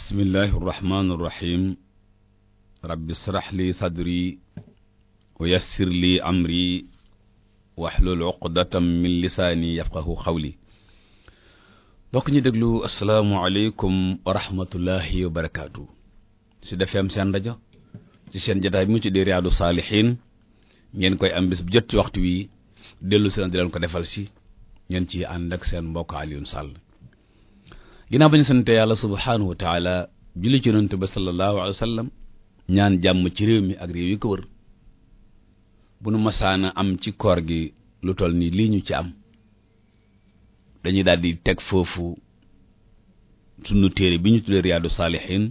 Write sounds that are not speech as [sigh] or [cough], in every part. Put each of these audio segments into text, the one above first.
bismillahi irrahmani irrahim rabbi israh li sadri wa yassir li amri waxlul uqdatam min lisaani yafqahu xawli bokk ñu déglu asalaamualeykum wa rahmatullahi wa barakaatu si defee seen rajo ci seen jotaay bi mu ci di riyaadu saalihiin ngeen koy am bis bu jot ci waxtu wi dellu seen di leen ko defal si ngeen ci ànd ak seen mbokk Alioune ginnaaw ba ñu sante yàlla subhaanahu wa taala julli ci yonent ba sallallahu alayhi sallam ñaan jàmm ci réew mi ak réew yi ko bu nu masaana am ci koor gi lu toll ni lii ñu ci am dañuy daal di teg foofu sunu téere bi ñu tuddee riyaadu saalihiin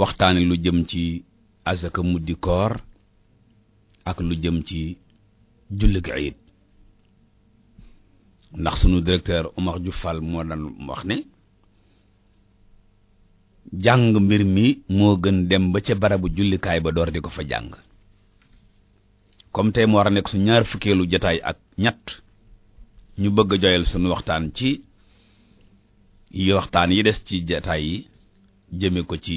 waxtaane lu jëm ci asaka muddi koor ak lu jëm ci julli gi iid ndax sunu directeur Omar ju fal moo daan wax ne jàng mbir mi moo gën dem ba ca barabu jullikaay ba door di ko fa jàng comme tey mu war a nekk su ñaar fukkeelu jataay ak ñett ñu bëgg a joyal sunu waxtaan ci yi waxtaan yi des ci jataay yi jëme ko ci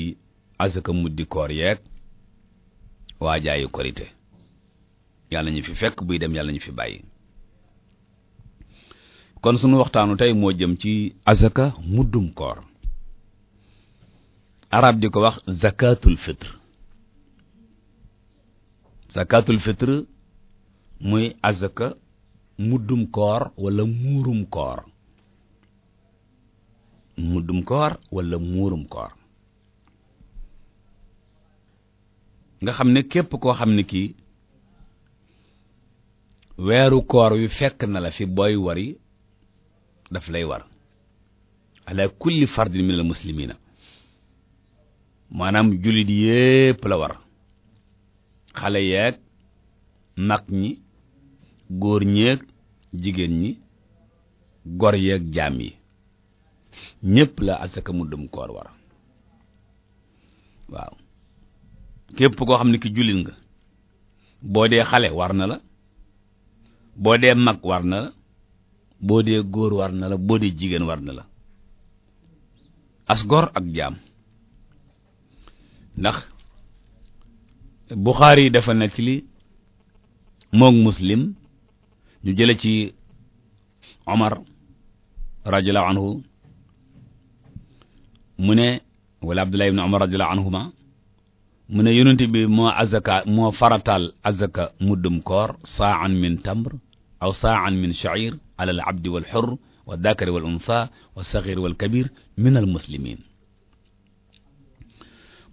asaka muddi koor waa waajaayu korite yàlla ñu fi fekk buy dem yàlla ñu fi bàyyi kon sunu waxtaanu tey moo jëm ci azaka muddum koor arab di ko wax zakatul fitre zakatul fitre muy azaka muddum koor wala muurum koor muddum muurum koor nga xam ne képp koo xam ne kii weeru koor wi fekk na la fi booy wari daf lay war ala kulli fardin min al muslimina maanaam jullit yépp la war xale yeek mag ñi góor ñeeg jigéen ñi gor yeek jaam yi ñépp la asaka mu dum koor war waaw képp koo xam ne ki jullit nga boo dee xale war na la boo dee mag war na la boo dee góor war na la boo dee jigéen war na la as gor ak jaam ndax Buxaari yi dafa nekk li moog muslim ñu jële ci Omar radiyallahu anhu mu ne wala Abdullah ibn Omar radiyallahu anhuma mu ne yonent bi moo azaka moo farataal azaka muddum koor sa'an min tamr aw sa'an min sha'ir ala al abdi wal xor wa dakari wal unsa wa saxir wal kabir min al muslimin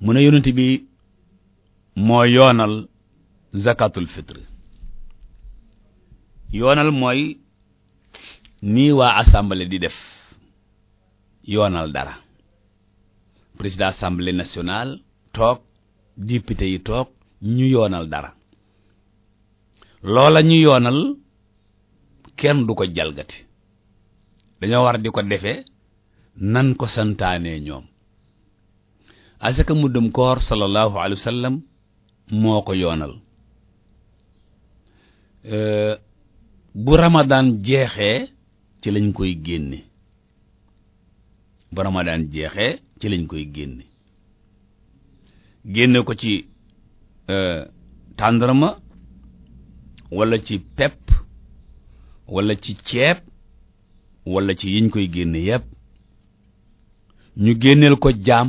mu ne yonent bi moo yoonal zakatul fitre yoonal mooy nii waa assemblée di def yoonal dara président assemblée nationale toog député yi toog ñu yoonal dara loola ñu yoonal kenn du ko jalgati dañoo war di ko defee nan ko santaanee ñoom asaka muddum koor sallallahu alayhi wa sallam moo ko yoonal euh, bu ramadaan jeexee ci lañ koy génne bu ramadaan jeexee ci lañ koy génne génne ko ci euh, tàndarma walla ci pepp wala ci ceeb walla ci yiñ koy génne yépp ñu génneel ko jaam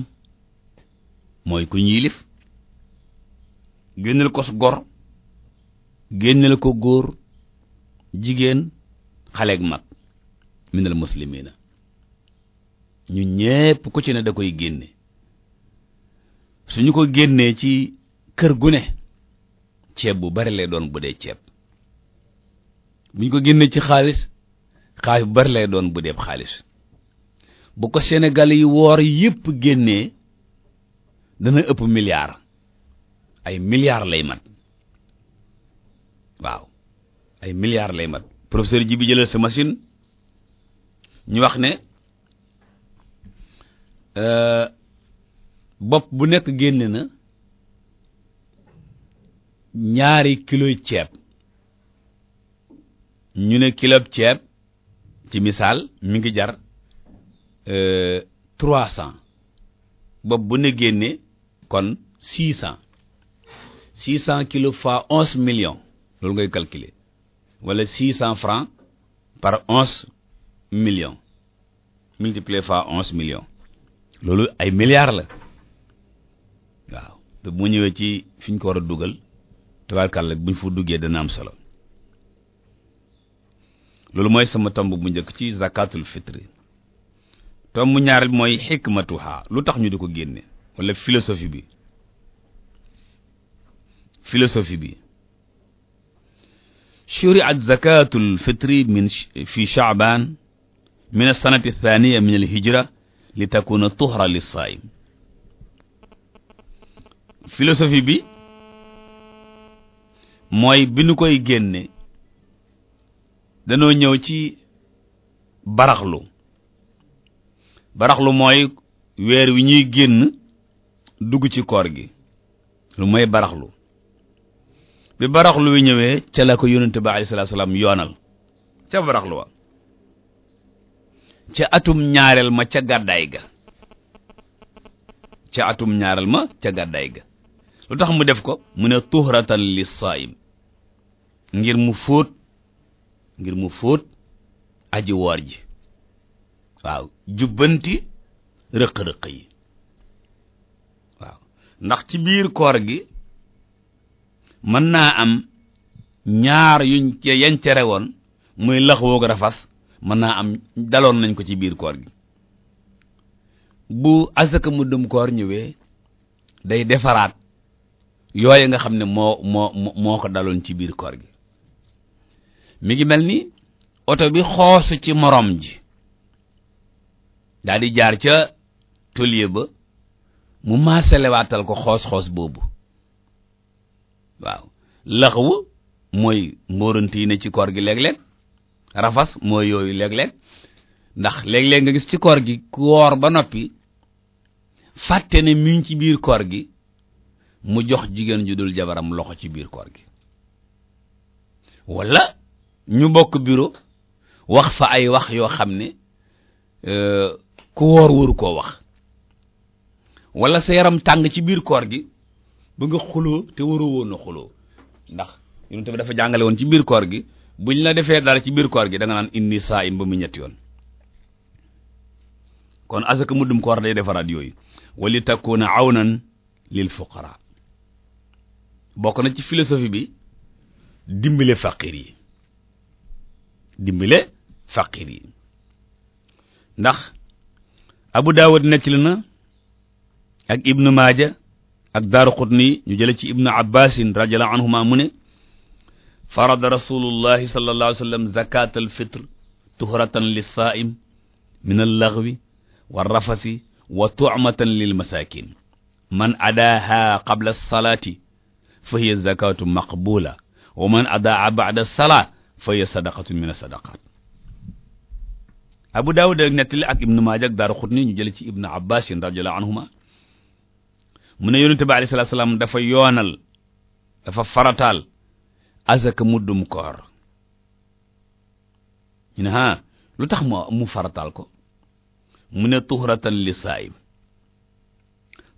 mooy ku ñilif génneel ko su gor génneel ko góor jigéen xaleeg mag minal muslimina ñu ñépp ku ci ne da koy génne suñu ko génnee ci kër gu ne ceeb bu bari lay doon bu dee ceeb bu ñu ko génnee ci xaalis xaalis bu bari lay doon bu deeb xaalis bu ko Sénégal yi woor yépp génnee dana ëpp milliard ay milliard lay mat waaw ay milliard lay mat professeur ji bi jëlal sa machine ñu wax ne euh, bopp bu nekk génne na ñaari kiloy ceeb ñu ne kilo ceeb ci misaal mi ngi jar euh, trois cent bopp bu ne génnee kon six cent six cent kilos fois onze million loolu ngay calculer wala six cent francs par onze millions multiplié fois onze million loolu ay milliards la waaw te bu ñëwee ci fi ñu ko war a dugal tabarkàlla bu ñu fa duggee dana am solo loolu mooy sama tomb bu njëkk ci zakatul fitri tomb ñaareel mooy xikmatuha lu tax ñu di ko génne wala philosophie bi filosofi bi shuri'at zakatul fitri min fi sha'ban min as-sanati ath-thaniya min al-hijra li takuna tuhra lis-saim philosophie bi mooy bi nu koy génne danoo ñëw ci baraxlu baraxlu mooy weer wi ñuy génn dugg ci koor gi lu mooy baraxlu bi baraxlu wi ñëwee ca la ko yonente ba alayhi salaatu salaam yoonal ca baraxlu wa ca atum ñaareel ma ca gàddaay ga ca atum ñaareel ma ca gàddaay ga lu tax mu def ko mu ne tuhratan lis saayim ngir mu fóot ngir mu fóot aji woor ji waaw jubbanti rëq-rëq yi waaw ndax ci biir koor gi mën naa am ñaar yuñ yañ cere woon muy laxwoog rafas mën naa am daloon nañ ko ci biir koor gi bu asaka mu dum koor ñëwee day defaraat yooyu nga xam ne moo moo moo ko daloon ci biir koor gi mi ngi mel ni oto bi xoosu ci morom ji daal jaar ca tôlier ba mu maaselewaatal ko xoos-xoos boobu waaw laxwu mooy mbóorant yi ne ci koor gi léeg-léeg rafas mooy yooyu léeg-léeg ndax léeg-léeg nga gis ci koor gi ku woor ba noppi fàtte ne mi ci biir koor gi mu jox jigéen ju dul jabaram loxo ci biir koor gi wala ñu bokk bureau wax fa ay wax yoo xam ne euh, ku woor waru koo wax walla sa yaram tàng ci biir koor gi ba nga xuloo te waroo woon na xuloo ndax yonent bi dafa jàngale woon ci biir koor gi buñ la defee dara ci biir koor gi da nga naan inni saa im ba mu ñetti yoon kon asaka muddum koor day defaraat yooyu wali takuna awnan lil fuqara bokk na ci philosophie bi dimbale faqir yi dimbile faqir yi ndax abu daawud nettali na ak ibnu maaja ak daaruqutni ñu jële ci ibnu abbasin radiyallahu anhuma mu ne farada rasulullahi sallallahu alayhi wa sallam zakatal fitr tuhratan lissaa'im min allaghwi wa rafasi wa tu'matan lil masaakin man adaaha qabla salaati fa hiya zakatu maqbula wa man adaa ba'da salaat fa hiya sadaqatun min as-sadaqat Abu Dawud rek nettali ak Ibnu Maaja ak Daaraqutni ñu jële ci Ibnu Abbaas radiyallahu anhuma mu ne yonente bi alayhi salaatu salaam dafa yoonal dafa farataal azaka muddum koor ñu ne lu tax mu mu farataal ko mu ne tuhratan li saayim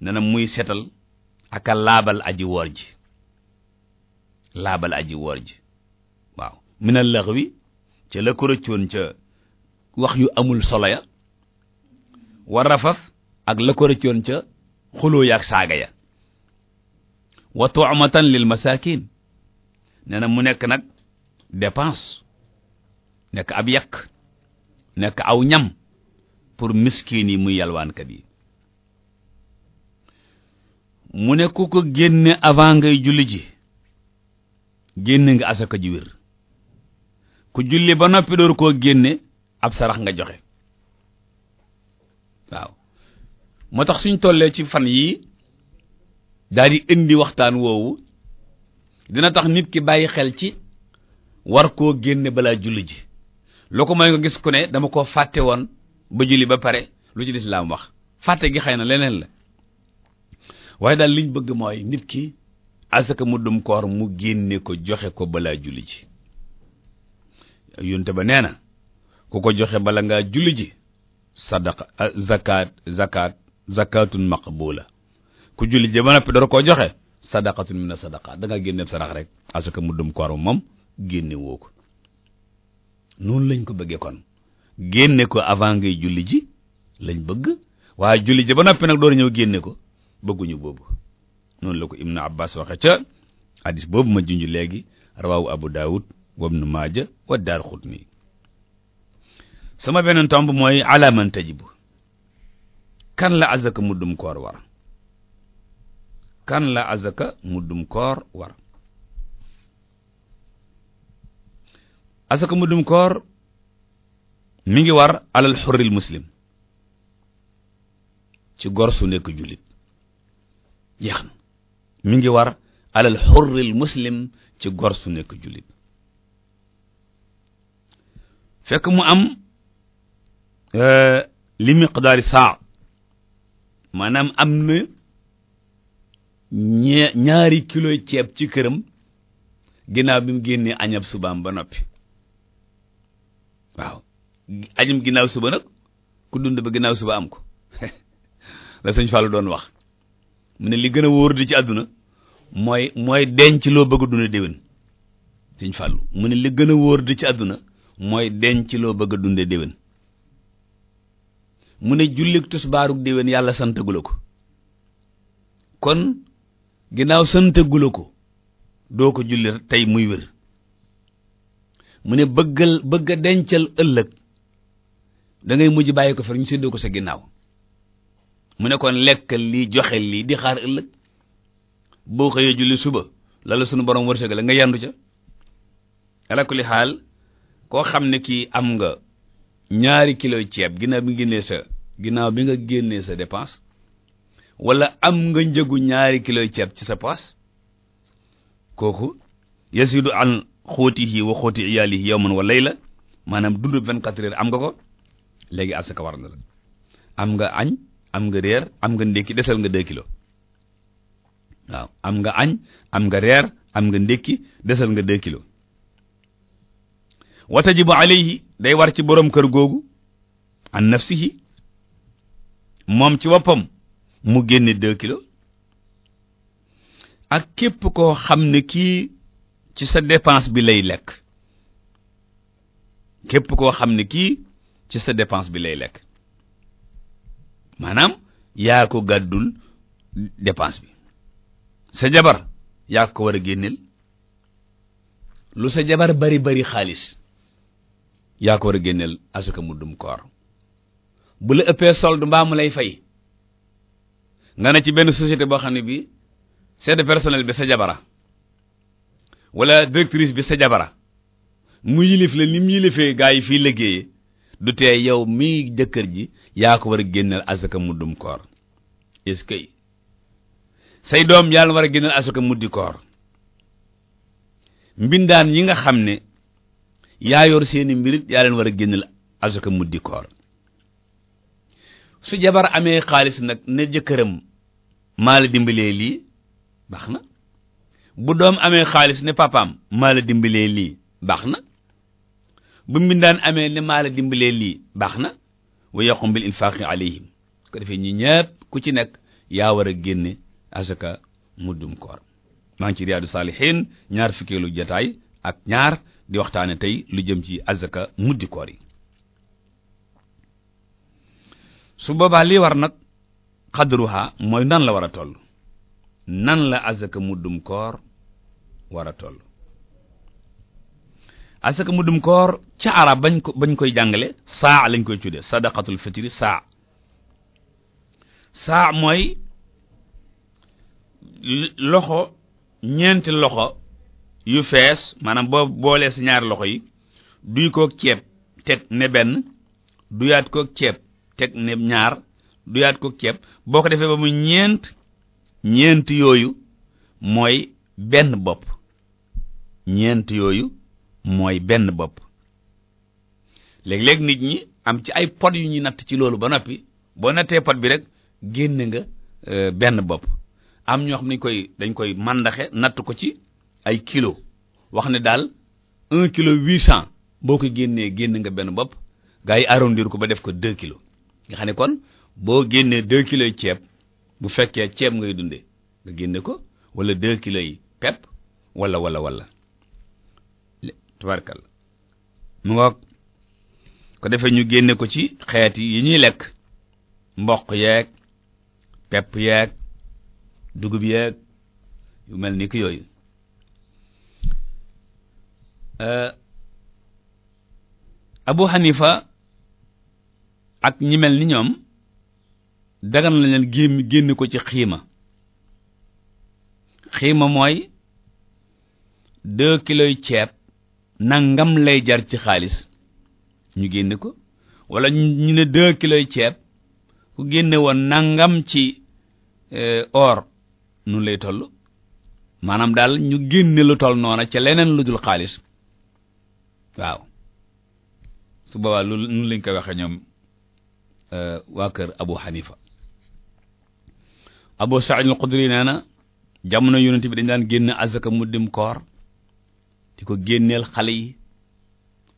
ne na muy setal aka laabal aji woor laabal aji woor ji minal laghwi ca la ko rëccoon ca wax yu amul solo ya wa rafaf ak la ko rëccoon ca xuloo ya ak saaga ya wa tu'matan lil masakin nee na mu nekk nag dépense nekk ab yàq nekk aw ñam pour miskin yi muy yalwaankat yi mu ne ko génne avant ngay julli ci génn nga asaka ji wér ku julli ba noppi door koo génne ab sarax nga joxe waaw moo tax suñ tollee ci fan yii daal di indi waxtaan woowu dina tax nit ki bàyyi xel ci war koo génne balaa julli ji loo ko mooy gis ku ne dama koo fàtte woon ba julli ba pare lu ci lislaam wax fàtte gi xëy na leneen la waaye daal liñ bëgg mooy nit ki asaka mu dum koor mu génne ko joxe ko balaa julli ji yunte ba nee na ku ko joxe bala ngaa julli ji sadaqa ah, zakat zakat zakatun boola ku julli ji ba noppi door koo joxe sadaqatun min sadaqat da nga génneeb sarax rek asaka mu dum koor moom génne woo ko noonu lañ ko bëggee kon génne ko avant ngay julli ji lañ bëgg waaye julli ji ba noppi nag door ñëw génne ko bëgguñu boobu noonu la ko Ibnu Abbas waxe ca hadis boobu ma junj léegi rawawu Abu Dawud wabnu maaja wa daar xutni sama beneen tomb mooy alaaman kan la azaka muddum koor war kan la azaka muddum koor war azaka muddum mi ngi war alal xurril muslim ci gor su nekk jullit jeex na mu ngi war alal xurril muslim ci gor su nekk jullit fekk mu am euh, li miqdaari saa maanaam am na ñaari kilo ceeb ci këram ginnaaw bi mu génnee añab subaam ba noppi waaw añam ginnaaw suba nag ku dund ba ginnaaw suba am ko [laughs] la sëñ Fallou doon wax mu ne li gën a wóor di ci àdduna mooy mooy denc loo bëgg duna dund déwén sëñ Fallou mu ne li gën a wóor di ci àdduna mooy denc loo bëgg a dunde déwén mu ne jullik tusbaarug déwén yàlla santagula ko kon ginnaaw santagula ko doo ko julli tey muy wér mu ne bëggal bëgg dencal ëllëg dangay mujj bàyyi ko fer ñu séddoo ko sa ginnaaw mu ne kon lekkal li joxe lii di xaar ëllëg boo xëyee julli suba lala sunu borom wërsëgal nga yendu ca ala xaal koo xam ne kii am nga ñaari kilo ceeb ginnaaw bi nga génnee sa ginnaaw bi nga génnee sa dépense wala am nga njëgu ñaari kilo ceeb ci sa poos kooku yasidu an xóotihi wa xóoti iyaalihi yawman wa la maanaam dundu vingt-quatre heures am nga ko léegi asaka war na la am nga añ am nga reer am nga ndékki desal nga deux kilos waaw am nga añ am nga reer am nga ndékki desal nga deux kilos wa tajibu alayhi day war ci borom kër googu am an nafsihi moom ci woppam mu génne deux kilos ak képp koo xam ne kii ci sa dépense bi lay lekk képp koo xam ne kii ci sa dépense bi lay lekk maanaam yaa ko gàddul dépense bi sa jabar yaa ko war a génneel lu sa jabar bari bari xaalis yaa ko war a génneel asaka mu dum koor bu la ëppee solde mbaa mu lay fay nga ne ci benn société boo xam ne bi chef de personnel bi sa jabara walla directrice bi sa jabara mu yilif la ni mu yilifee gaa yi fii liggéeyee du tee yow mi jëkkër ji yaa ko war a génneel asaka mu dum koor say doom yàlla war a génneel asaka muddi koor mbindaan yi nga xam ne yaa yor seeni mbirit yaa leen war a génneel asaka muddi koor su jabar amee xaalis nag ne jëkkëram maala dimbalee lii baax na bu doom amee xaalis ne papaam maa la dimbalee lii baax na bu mbindaan amee ne maala dimbalee lii baax na wa yaqum bil infaqi alayhim ko defee ñi ñépp ku ci nekk yaa war a génne asaka muddum koor maa ngi ci riyaadu saalihiin ñaar fukkeelu jataay ak ñaar di waxtaane tey lu jëm ci azaka muddi koor yi su boobaa lii war nag xadruha mooy nan la war a toll nan la azaka muddum koor war a toll azaka muddum koor ca arab bañ ko bañ koy jàngale saa lañ koy tudde sadaqatul fitri saa saa mooy loxo ñeenti loxo yu fees maanaam boo boolee si ñaari loxo yi duy kook ceeb teg ne benn duyaat kook ceeb teg ne ñaar duyaat kook ceeb boo ko defee ba mu ñeent ñeent yooyu mooy benn bopp ñeent yooyu mooy benn bopp léegi léeg nit ñi am ci ay pot yu ñuy natt ci loolu ba noppi boo nattee pot bi rek génne nga euh, benn bopp am ñoo xam ne dañ koy dañ koy màndaxe natt ko ci ay kilo wax ne daal un kilo huit cent boo ko génnee génn nga benn bopp gaa yi arrondir ko ba def ko deux kilos nga xam ne kon boo génnee deux kilos yi ceeb bu fekkee ceeb ngay dunde nga génne ko wala deux kilos yi pepp wala wala walla tubarkal mu ngoog ko defee ñu génne ko ci xeet yi ñuy lekk mboq yeek pepp yeek dugub yeek yu mel ni ki yooyu Euh, Abu Hanifa ak ñi mel ni ñoom dagan la leen génn génn ko ci xiima xiima mooy deux kilos ceeb nangam lay jar ci xaalis ñu génn ko wala ñu ne deux kilos ceeb ku génne woon nangam ci euh, or nu lay toll maanaam daal ñu génne lu toll noona ca leneen lu dul xaalis waaw su boobaa loolu nun lañ koy waxee ñoom eh, waa kër Abu Hanifa Abu Sa'id al na jamono yonent bi dañ daan génn azaka mu dim koor di ko génneel xale yi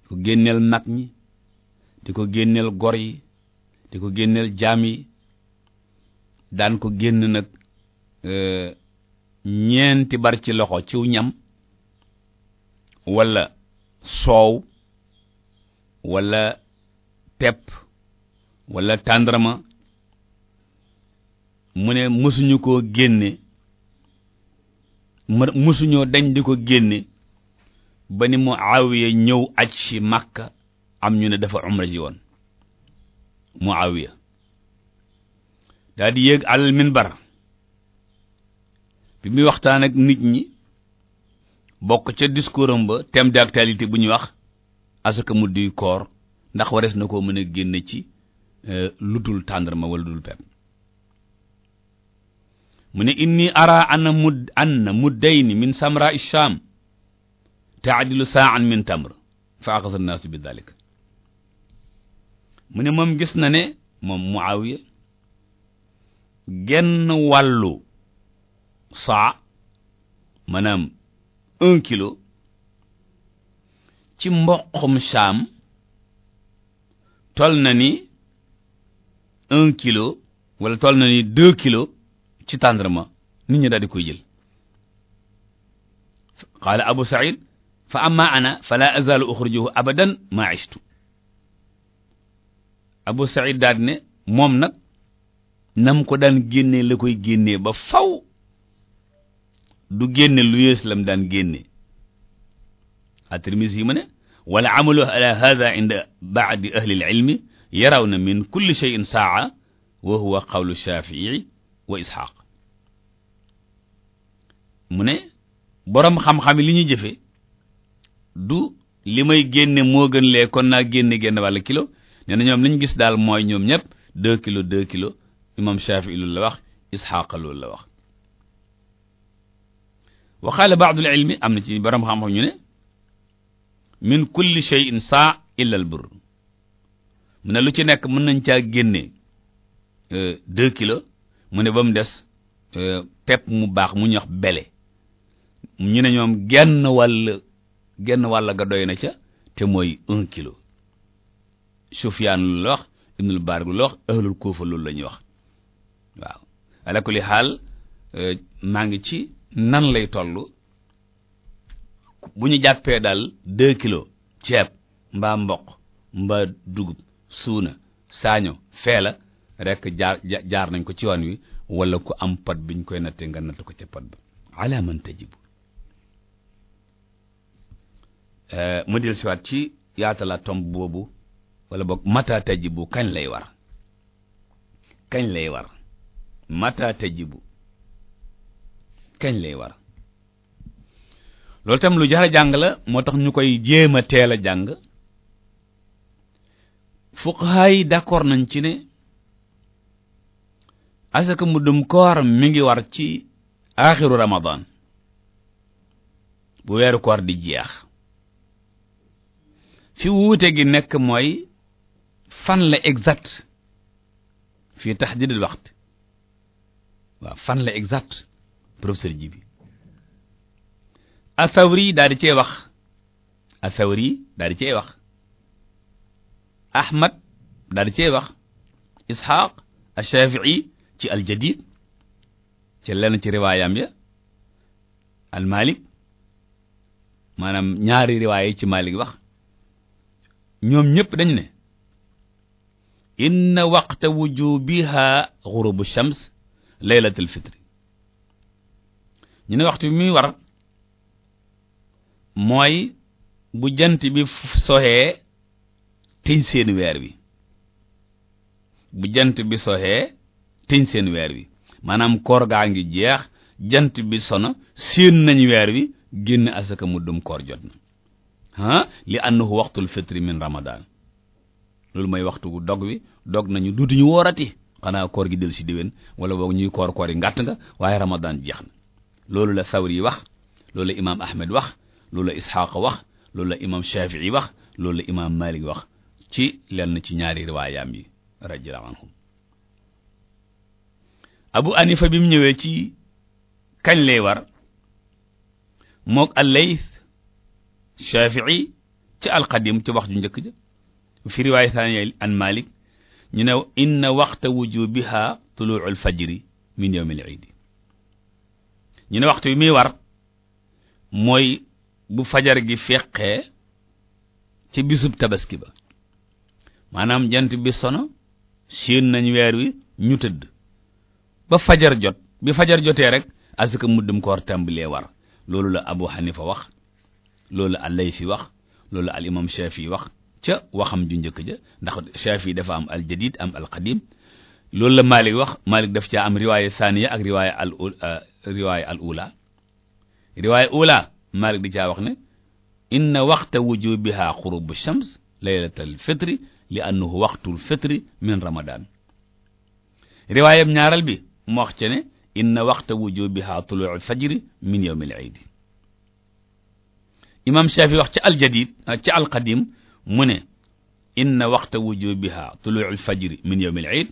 di ko génneel mag ñi di ko génneel gor yi di ko génneel jaam yi daan ko génn nag eh, ñeenti bar ci loxo ciw ñam walla soow walla tepp walla tàndarma mu ne mësuñu koo génne mësuñoo dañ di ko génne ba ni Muawiya ñëw aj ci Makka am ñu ne dafa umra ji woon Muawiya daal di yéeg alal minbar bi muy waxtaan ak nit ñi bokk ca discours am ba thème d'actualité bu ñuy wax asaka mu di koor ndax warees na koo mën a génn ci euh, lu dul tàndarma wala dul pepp mu ne inni ara anna mud anna muddayni min samra isham taadilu sa'an min tamr fa axasa naasu bi dalik mu ne moom gis na ne moom Muawiya genn wàllu saa maanaam un kilo ci mboqum saam tol na ni un kilo wala tol na ni deux kilos ci tàndarma nit ñi daal di koy jël qaala abu sa'id fa amma ana fala azalu ukhrijuhu abadan ma ishtu abu sa'id daal ne moom nag nam ko daan génnee la koy génnee ba faw du génne lu yées lam daan génne at-Tirmidhi yi ma ne wala amalu ala hada inda baadi ahli al-ilmi yaraw na min kulli shay'in saa'a wa huwa qawlu Shaafi'i wa Isxaaq mu ne boroom xam li ñuy jëfe du li may génne moo gën lee kon naa génne génn wàlla kilo nee na ñoom li ñu gis daal mooy ñoom ñëpp deux kilo deux kilo imam Shaafi'i loolu la wax Isxaaq loolu la wax waxaale la ilmi am na ci borom xam-xam ñu ne min kulli shay'in saa illal bur mu ne lu ci nekk mën nañ caa génne euh, deux kilos mu ne ba mu des euh, pepp mu baax mu ñox bele ñu ne ñoom genn wàll ga doy na ca te mooy un kilo Sufyaan lu la wax Ibnul lu la wax loolu la ñuy wax waaw kulli xaal euh, maa ngi ci nan lay tollu bu ñu jàppee daal deux kilos ceeb mbaa mboq mbaa dugub suuna saaño feela rekk jaar jaar nañ ko ci yoon wi walla ku am pat biñ koy nattee nga natt ko ca pat ba ala man tajibu euh, ma del siwaat ci yaatala tomb boobu wala boog mata tajibu kañ lay war kañ lay war mata kañ lay war loolu tam lu jar jàng la moo tax ñu koy jéem a teel a jàng fuqaha yi d'accord nañ ci ne asaka mu dum koor mi ngi war ci axiru ramadan bu weeru koor di jeex fi wuute gi nekk mooy fan la exact fii taxdiidul waxtu waaw fan la exact professeur Djibi Athawri daal di cee wax Athawri daal di cee wax Ahmad daal di cee wax Ishaq Ash-Shafi'i ci al-Jadid ci lenn ci riwaayam ya al-Malik maanaam ñaari riwaay ci Malik wax ñoom ñëpp dañ ne inna waqta wujubiha ghurubu shams laylatul fitri ñu ne waxtu bi muy war mooy bu jant bi soxee tëñ seen weer wi bu jant bi soxee tëñ seen weer wi maanaam koor gaa ngi jeex jant bi sono séen nañ weer wi génn asaka mu dum koor jot na ah li annahu waxtul fitri min ramadan loolu mooy waxtu dog wi dog nañu duutuñu woorati xanaa koor gi dellu si déwén wala boog ñuy koor koor yi ngàtt nga waaye ramadan jeex na loolu la Sawri wax loolu la imaam Ahmed wax loolu la Isxaaq wax loolu la imaam Shafii wax loolu la imaam Malik wax ci lenn ci ñaari riwaayaam yi radiyallahu anhum Abu Hanifa bi mu ñëwee ci kañ lay war mook al-Layth Shafii ci al-Qadim ci wax ju njëkk ja fi riwaaya thaniya an Malik ñu ne inna waqta wujubiha tulu'u al-fajri min yawm al-iid ñu ne waxtu bi muy war mooy bu fajar gi feqee ci bisub tabaski ba maanaam jant bi sono séen nañ weer wi ñu tëdd ba fajar jot bi fajar jotee rek asaka muddum koor tàmbalee war loolu la Abu Hanifa wax loolu la Al-Laythi wax loolu la al imam Shafi wax ca waxam ju njëkk ja ndax Shafi dafa am al jadid am al qadim loolu la Malik wax Malik def caa am riwaaya saaniya ak riwaaya al euh, riwaaya al ula riwaaya al ula Malik di caa wax ne inna waxta wujubiha xurubu shams laylatal fitri li annahu waxtul fitri min ramadan riwaayam ñaaral bi mu wax ci ne inna waxta wujubiha tulu'u fajri min yawmil iid imam Shafi wax ci al jadid ci al qadim mu ne inna waxta wujubiha tulu'u fajri min yawmil iid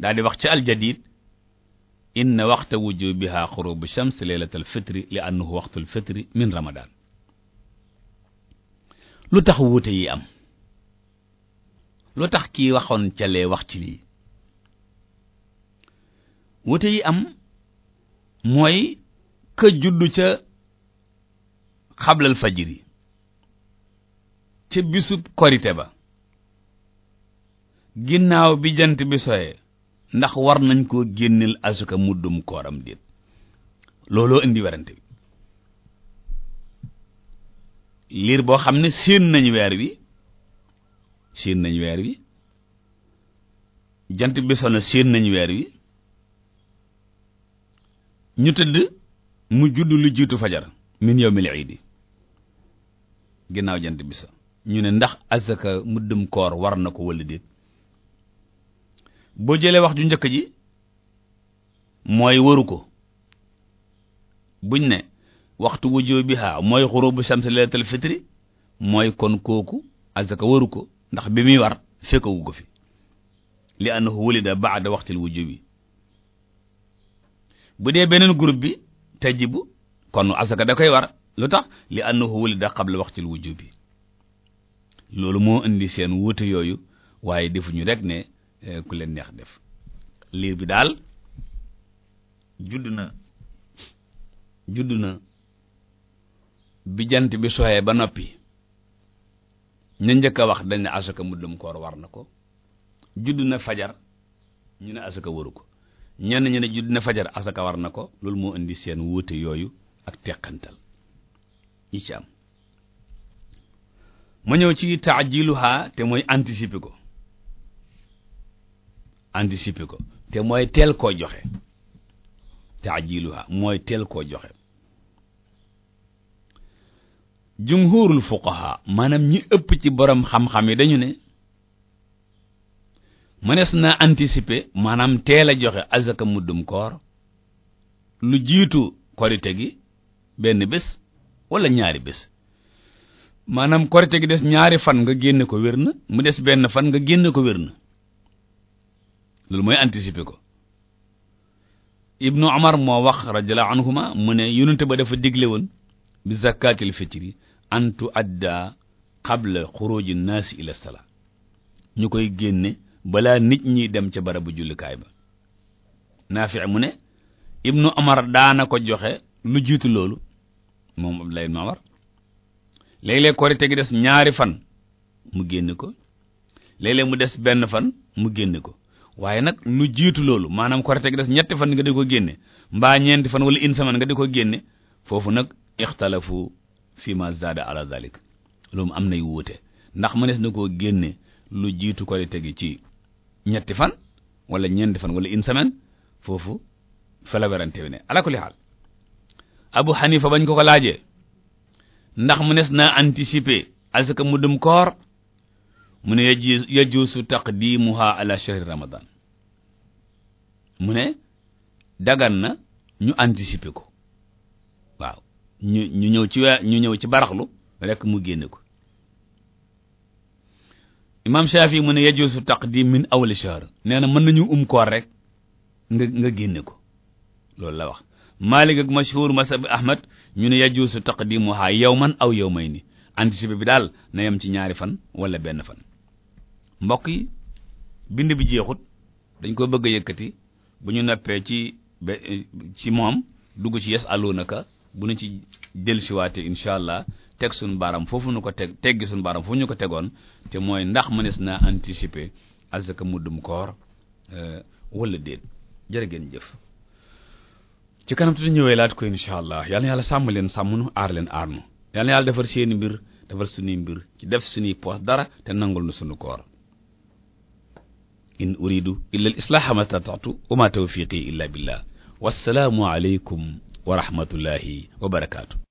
daal di wax ci al jadid inna waxta wujubiha bu shams leylatal fitri li annahu waxtul fitri min ramadan lu tax wuute yi am lu tax kii waxoon ca lee wax ci lii wuute yi am mooy ka juddu ca xablal fajiri ca bisub korite ba ginnaaw bi jant bi soyee ndax war nañ koo génneel asuka muddum kooram déet looloo indi werante bi liir boo xam ne séen nañ weer wi séen nañ weer wi jant bi sono séen nañ weer wi ñu tëdd mu judd lu jiitu fajar min yawmil iidi ginnaaw jant bisa ñu ne ndax asaka muddum koor war na ko walla déet boo jëlee wax ju njëkk ji mooy waru ko buñ ne waxtu wujubiha mooy bu shams laylatul fitri mooy kon kooku azaka waru ko ndax bi muy war fekkawu ko fi li annahu wulida ba'da waqtil wujubi bu dee beneen group bi tajibu kon azaka da koy war lu tax li annahu wulida qabla waqtil wujubi loolu moo indi seen wuute yooyu waaye defu ñu rek ne Eh, ku leen neex def liir bi daal judd na judd na bi jant bi soxee ba noppi ñu njëkk a wax dañ ne asaka dem koor war na ko judd na fajar ñu ne asaka waru ko ñenn ñu ne judd na fajar asaka war na ko loolu moo indi seen wuute yooyu ak teqantal yi ci am ma ñëw ci taajiluha te mooy anticiper ko anticiper ko te mooy teel koo joxe te taajiluha mooy teel koo joxe jumhurul fuqaha maanaam ñi ëpp ci borom xamxam yi dañu ne mënees na anticiper maanaam teel a joxe azaka muddum koor lu jiitu korite gi benn bés wala ñaari bés maanaam korite gi des ñaari fan nga génne ko wér na mu des benn fan nga génne ko wér na loolu mooy anticiper ko ibnu Umar moo wax radiyallahu anhuma mu ne yonente ba dafa digle woon bi zakatil fitri an tuadda qabla xuruji naasi ila salaa ñu koy génne balaa nit ñi dem ca barabu jullikaay ba Naafi mu ne ibnu Umar daana ko joxe lu jiitu loolu moom Abdullah ibnu Umar léeg-léeg korite des ñaari fan mu génn ko léeg mu des benn fan mu génne ko waaye nag lu jiitu loolu maanaam korite gi des ñetti fan nga di ko génne mbaa ñeenti fan wala une semaine nga di ko génne foofu nag ixtalafu fi ma zaada ala zalik loolu am nay wuute ndax mënees na koo génne lu jiitu korite gi ci ñetti fan wala ñeenti fan wala une semaine foofu fela ne ala kulli xaal Abu Hanifa bañ ko ko laajee ndax nees na anticiper asaka mu dum koor mu ne yaj yajuusu taqdimuha ala shahri ramadan mu ne dagan na ñu anticiper ko waaw ñu ñu ñëw ci we ñu ñëw ci baraxlu rekk mu génne ko imam Shafi mu ne yajuusu taqdim min awli shahr nee na mën nañu um koor rek nga nga génne ko loolu la wax Malik ak mashhur masab Ahmad ñu ne yajuusu taqdimuha yawman aw yawmayni anticiper bi daal na yem ci ñaari fan wala benn fan mbokk yi bind bi jeexut dañ ko bëgg a yëkkati bu ñu noppee ci ci moom dugg ci yes alunaka bu nu ci dellusiwaatee incha allah teg suñu baaram foofu ñu ko teg teggi suñu baaram ñu ko tegoon te mooy ndax mënees na anticiper azaka muddum koor euh, wala déet jërë ngeen jëf. ci kanam tuuti ñëwee laat ko incha allah yal yàlla sàmm leen sàmm nu aar leen aar nu yal na yàlla defar seeni mbir defar suñuy mbir ci def suñuy poos dara te nangul nu sunu koor. in uridu illa al islaaha ma stata'tu wa ma tawfiqi illa billah wassalaamu aleykum wa rahmatullahi wa barakaatu